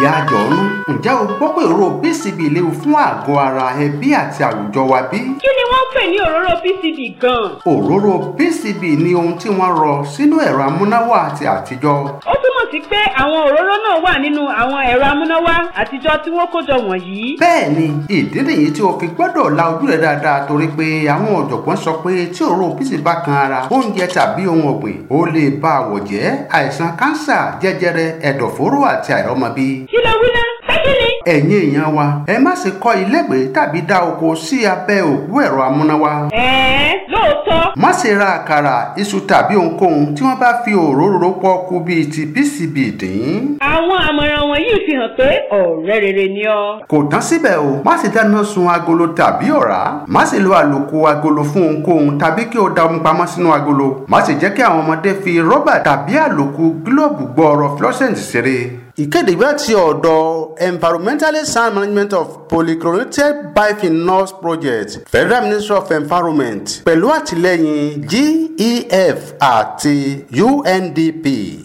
ìyá àjọ̀rú ǹjẹ́ o gbọ́ pé òróró PCB léwu fún àgọ́ ara ẹbí àti àwùjọ wa bí? kí ni wọ́n pè ní òróró PCB gan-an? òróró PCB ni ohun tí wọ́n rọ sínú ẹ̀rọ amúnáwá àti àtijọ́. ó tún sí pé àwọn òróró náà wà nínú àwọn ẹ̀rọ amúnáwá àtijọ́ tí wọ́n kó jọ wọ̀nyí. bẹ́ẹ̀ni ìdí nìyí tí o fi gbọ́dọ̀ la ojú rẹ dáadáa torí pé àwọn ọ̀jọ̀gbọ́n sọ pé tí òróró bísí bá kan ara oúnjẹ tàbí ohun ọ̀gbìn ó lè ba àwọ̀ jẹ́ àìsàn kánsà jẹjẹrẹ ẹ̀dọ̀fóró àti àìrọ́mọbí. kí ló wí náà ẹ̀yin èèyàn wa ẹ má ṣe kọ́ ilégbèé tàbí dá oko sí abẹ́ òkú ẹ̀rọ amúnáwá. ẹ̀ẹ́ lóòótọ́. má ṣe ra àkàrà iṣu tàbí ohunkóhun tí wọ́n bá fi òróró pọ̀ kú bíi ti PCB dín. àwọn àmọ̀ràn wọ̀nyí fi hàn pé ọ̀rẹ́ rere ni ọ́. kò tán síbẹ̀ o má ṣe dáná sun agolo tàbí ọ̀rá má ṣe lo àlòkù agolo fún ohunkóhun tàbí kí o da omi pamọ́ sínú agolo má ṣe jẹ́ kí àwọn ọmọdé fi rọ́bà tàbí àlòkù gílóòbù gbọ́ ọ̀rọ̀ fluorescent ṣeré ìkéde ìwé àti ọ̀dọ̀ environmentally sound management of polychlorinated biphenols project federal ministry of environment pẹ̀lú àtìlẹ́yìn gef àti undp.